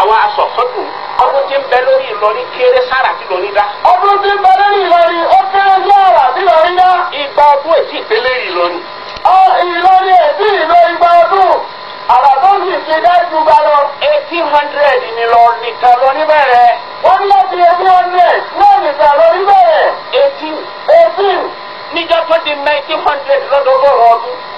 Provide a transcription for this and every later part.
àwọn asọ̀sọ́tù ọdún bẹ lórí Ìlọrin kéré sára tí lórí dá. ọdún bẹ lórí Ìlọrin ó kéré sára tí lórí dá. ìgbà ọdún èsì ìpínlẹ̀ Ìlọrin. ọ Ìlọrin èsì ìlọ ìgbà ọdún àràbọ̀ sì ti dájú bá lọ. eighteen hundred ni lọ nìkan lọ níbẹ̀rẹ̀. wọ́n ní láti eighteen hundred náà nìkan lọ níbẹ̀rẹ̀. eighteen. eighteen. níjọ́ tó di nineteen hundred lọ́dọ̀ọ́dọ̀ ọdún.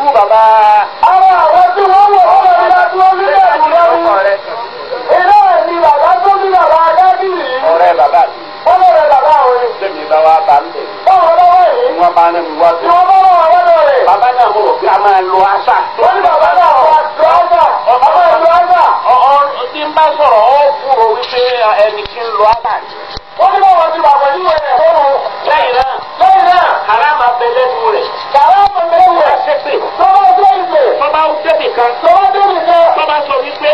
kú bàbá. àwọn àwọn tí wọ́n wọ̀ wọ́n wọ̀ nígbà tí wọ́n nílẹ̀ ìlú ilé ẹ̀mí bàbá tó ní bàbá adájú yìí. ọ̀rẹ́ bàbá mi. wọ́n lọ rẹ bàbá àwọn ni. sèmi bá wa bá ń bẹ̀. báwọn bá wà yìí. wọ́n bá ní wá sí. wọ́n bá wà wá lọ rẹ̀. bàbá náà mo rò pé a máa lo àṣà. wọ́n ní bàbá náà wà lo àṣà. bàbá náà lo àṣà. ọ̀ tí ń bá sọ̀rọ̀ ọ́ kúrò wípé ẹni tí ń lo àṣà. wọ́n ní bàbá ti bàbá Kàwáàbù ló wù. Tọ́ba dé ìlè. Tọ́ba débi kan. Tọ́ba débi kan. Tọ́ba sọ wípé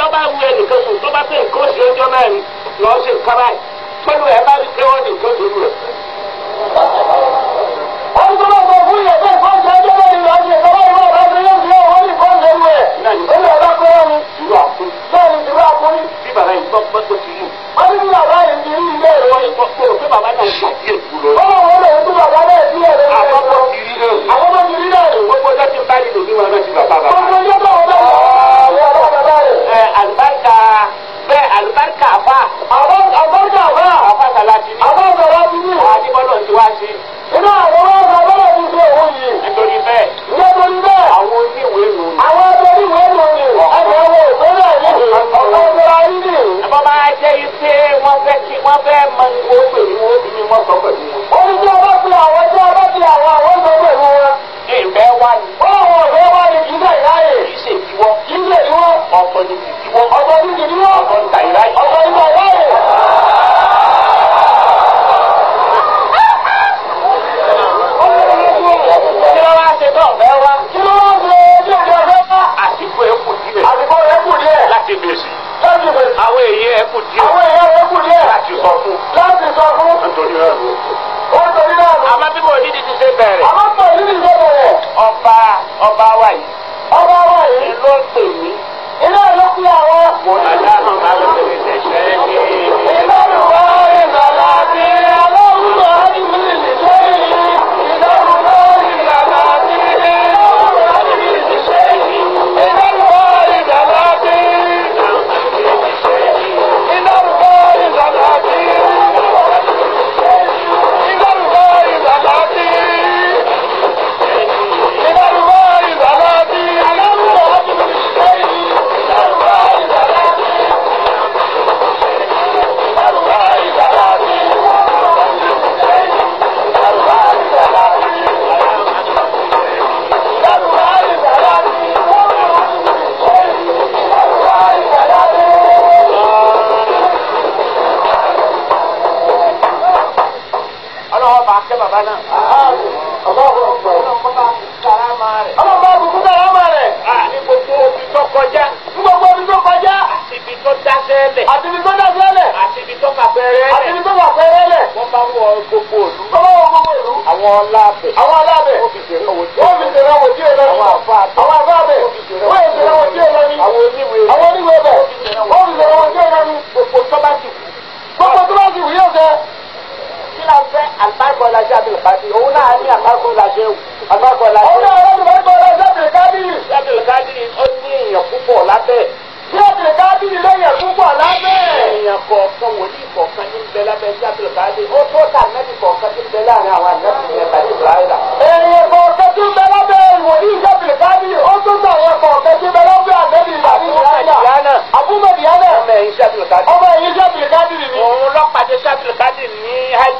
lọ́ba wu ẹnìkan sùn tọ́ba pé nǹkan oṣù ọjọ́ náà ni lọ́ọ́ ṣe nǹkan báyìí. Tọ́lú ẹ̀ bá rí pé wọ́n ní nǹkan oṣù rẹ̀. Wọ́n tún bá sọ fún ìyẹ̀dẹ́ ìfọ́njẹ́ ọjọ́ náà ni lọ́ọ́ ṣe nǹkan báyìí wọ́n bá yóò fi ọ̀hún ìfọ́njẹ́ wù ẹ̀. ¡Ah! ọba wa yìí. ẹ lọ pè mí. iná ló pín àwọn. mo ní àdá máa ń bẹ̀rẹ̀ ṣẹ́ṣẹ́ ní. bàbá náà. ọlọ́run bá karama rẹ̀. ọlọ́run bá rẹ̀. a ní gbogbo tó kọjá. ní gbogbo omi tó kọjá. àti tó dáṣẹ́ lẹ̀. àti tó dáṣẹ́ lẹ̀. àti tó kàpẹ́rẹ́ lẹ̀. àti tó kàpẹ́rẹ́ lẹ̀. wọ́n bá wọ gbogbo òlu. wọ́n bá wọ gbogbo òlu. àwọn ọlá abẹ. àwọn ọlá abẹ. ó fi ṣèrè Abdul Qadir òun náà ní àkàkọ́lá ṣéwù àkàkọ́lá ṣéwù. òun náà lọ́dún bá gbọ́dọ̀ ṣé ó ní èèyàn púpọ̀ lábẹ́. ṣé Abdul lẹ́yìn púpọ̀ lábẹ́. èèyàn kọ̀ọ̀kan wòlíì kọ̀ọ̀kan ní bẹ lábẹ́ ṣé Abdul ó tó tà nẹ́bí kọ̀ọ̀kan ní bẹ láàrin àwọn ànẹ́bí yẹn pàdé ìbúráyìlá. èèyàn kọ̀ọ̀kan tí bẹ lábẹ́ wòlíì ṣé Abdul ó tó tà àwọn kọ̀ọ̀kan tí bẹ lábẹ́ ànẹ́bí pàdé ìbúráyìlá. àbúmọ̀dìyànà ọmọ ẹ̀yìn ṣé Abdul Qadir ni. òun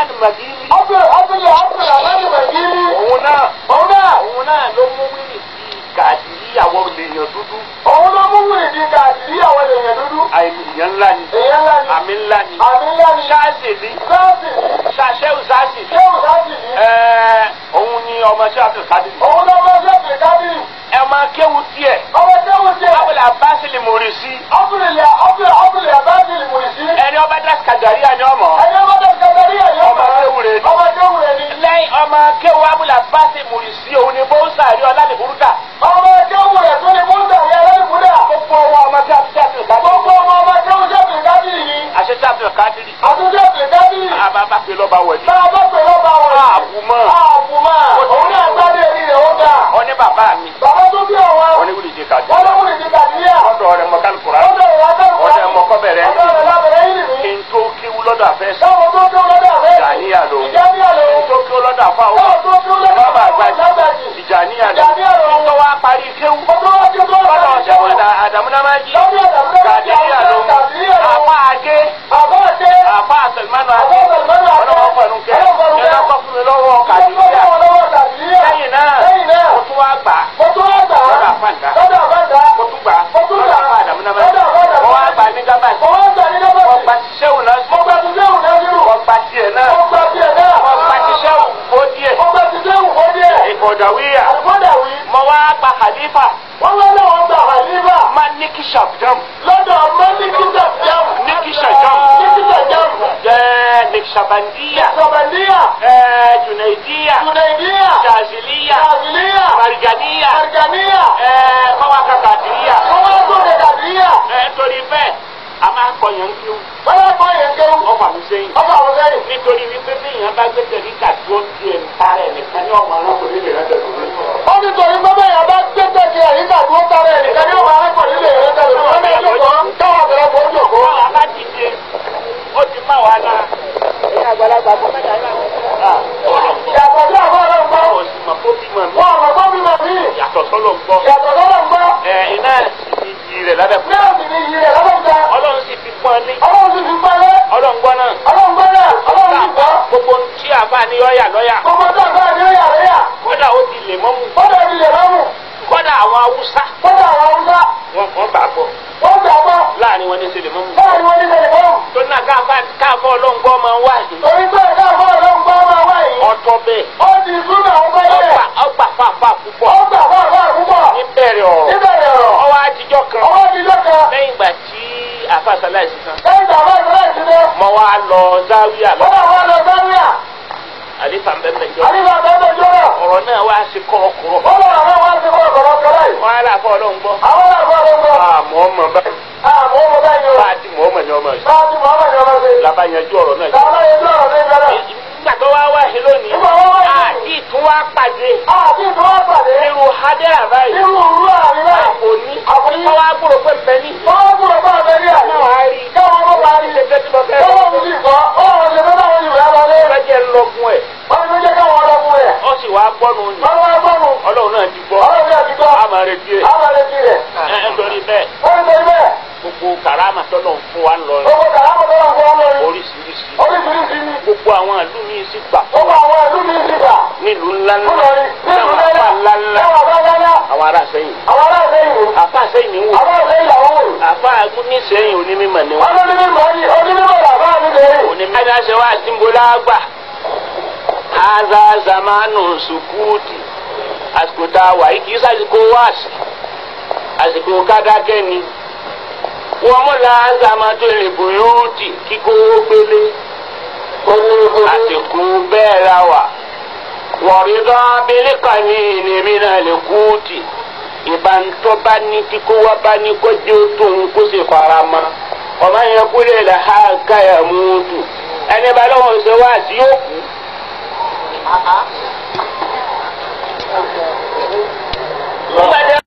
alálùmọ̀dínì. ọbẹ̀ ọbẹ̀ ọbẹ̀ alálùmọ̀dínì. òun náà òun náà òun náà ló mú wíìnì sí gàdí àwọn èèyàn dúdú. òun ló mú wíìnì sí gàdí àwọn èèyàn dúdú. àìní èèyàn ńlá ni. èèyàn ńlá ni. àmì ńlá ni. àmì ńlá ni. sáàsì ni. sáàsì ni. sàṣẹ́wù sáàsì. ṣẹ́wù sáàsì ni. ẹ̀ẹ́ òun ni ọmọ ṣẹ́ àtẹ̀kádì. òun ló mọ ṣẹ́ àtẹ̀kádì. ẹ máa kéwu tiẹ̀. ọmọ kéwu tiẹ̀. abúlé abáṣe lè mòrì sí. abúlé abúlé abáṣe lè mòrì sí. ẹni ọba dá rẹ ni. ọmọ kéwù rẹ ni. lẹ́yìn ọmọ kéwù abúlé abáṣe mùrìsí òun ni bó ń sàárẹ̀ ọlá muawiya àlùmọ́dàwí mo wá gba khalifa. wọ́n wá náà wọ́n gba khalifa. maliki shabdam. lọ́dọ̀ maliki shabdam. niki shabdam. niki shabdam. ẹẹ nikshabandiya. nikshabandiya. ẹẹ junaidiya. junaidiya. jaziliya. jaziliya. marjaniya. marjaniya. ẹẹ kọ́wá kaka. ọyàn ń kéwù. báyọ̀ bá yẹn kéwù. ọkọ àmì sẹ́yìn. ọkọ àwọn sẹ́yìn. nítorí wípé bí èèyàn bá gbé tẹ̀lé kàdúró ti ẹ̀ nìkan ní ọmọ arákùnrin lè rẹ́ tẹ̀lé. ó ní torí pé bí èèyàn bá gbé tẹ̀lé ẹ̀yìn kàdúró tarẹ̀ nìkan ní ọmọ arákùnrin lè rẹ́ tẹ̀lé. ó ní ìjọkọ́ táwọn àgbàlagbà ó jọkọ́. táwọn àbá ti ṣe ti má ẹ̀ lábẹ́ fún mi. náà sì ni ìyí rẹ̀ lábẹ́ fún mi mọ ní. ọlọ́run ti fi gbọ́lẹ̀. ọlọ́run gbọ́ náà. ọlọ́run gbọ́ náà. ọlọ́run ti gbọ́. gbogbo tí a bá ní lọ́ọ̀yà lọ́ọ̀yà. gbogbo tí a bá ní lọ́ọ̀yà lọ́ọ̀yà. kódà ó di lè mọ́mù. kódà ó di lè mọ́mù. kódà àwọn haúsá. kódà àwọn haúsá. wọn kàn bá bọ̀. wọ́n gbà bọ̀. láàrin wọn ní ṣe lè mọ́mù. láàrin wọn ní ṣe lè mọ́mù. tó ná káfọ́ ọlọ́ngbọ́ máa wá ti súnmọ́ àwọn bẹ́ẹ̀. ọgbà ọgbà fàáfàá púpọ̀. ọg kan láìsí kan. lẹ́yìn tí àbá kan láìsí kan. mo wá lọ záwíà lọ. mo wá lọ záwíà. àlífà ń bẹ mẹ jọ. àlífà ń bẹ mẹ jọ náà. ọ̀rọ̀ náà wá sí kọ̀ọ̀kọ̀rọ̀. ọ̀rọ̀ náà wá sí kọ̀ọ̀kọ̀rọ̀ kọ̀ọ̀rọ̀ yìí. wọ́n á là fọ́ ọlọ́run gbọ́. àwọn àlàfọ́ ọlọ́run gbọ́. àmọ́ ah, mọ̀ báyìí. àmọ́ ah, mọ̀ báyìí o. bá a ti mọ̀ ọmọ ni ọmọ yìí. bá a ti mọ̀ ọmọ ni ọmọ yìí. labanyanju ọ̀rọ̀ náà. labanyanju ọ̀rọ̀ náà yìí nígbàtọ́ wá wá yìí lónìí. nígbà wá karama tọ́lọ̀ ń fún wa lọ yìí. gbogbo karama tọ́lọ̀ ń fún wa lọ yìí. oríṣiríṣi. oríṣiríṣi ni. gbogbo àwọn ìlú mi sì gbà. gbogbo àwọn ìlú mi sì gbà. nílùú ńlá ńlá. nílùú ńlá ńlá. àwọn ará sẹ́yìn. àwọn ará sẹ́yìn o. àfa sẹ́yìn ni wò. àfa sẹ́yìn làwọn wò. àfa ní sẹ́yìn onímọ̀ ni wọ́n. onímọ̀ ni onímọ̀ làbá mi lè. onímọ̀ ni a ṣe wá àtìmọ́lá gbà. haza zamanu sukuti àsìkò tá a wà yìí wọ́n mọ̀ tó azamatu ìbòyóòtì kíkó gbélé àsìkò bẹ́ẹ̀ la wà wọ̀rídọ́ abẹ́lé kan ní ìnìmínà lè kúùtì ìbántọ́ bá ní kíkó wá bá ní kọjú tó ń kó sì fara mọ́ ọmọ ha káyà ẹni bá lọ́wọ́ ṣe wá sí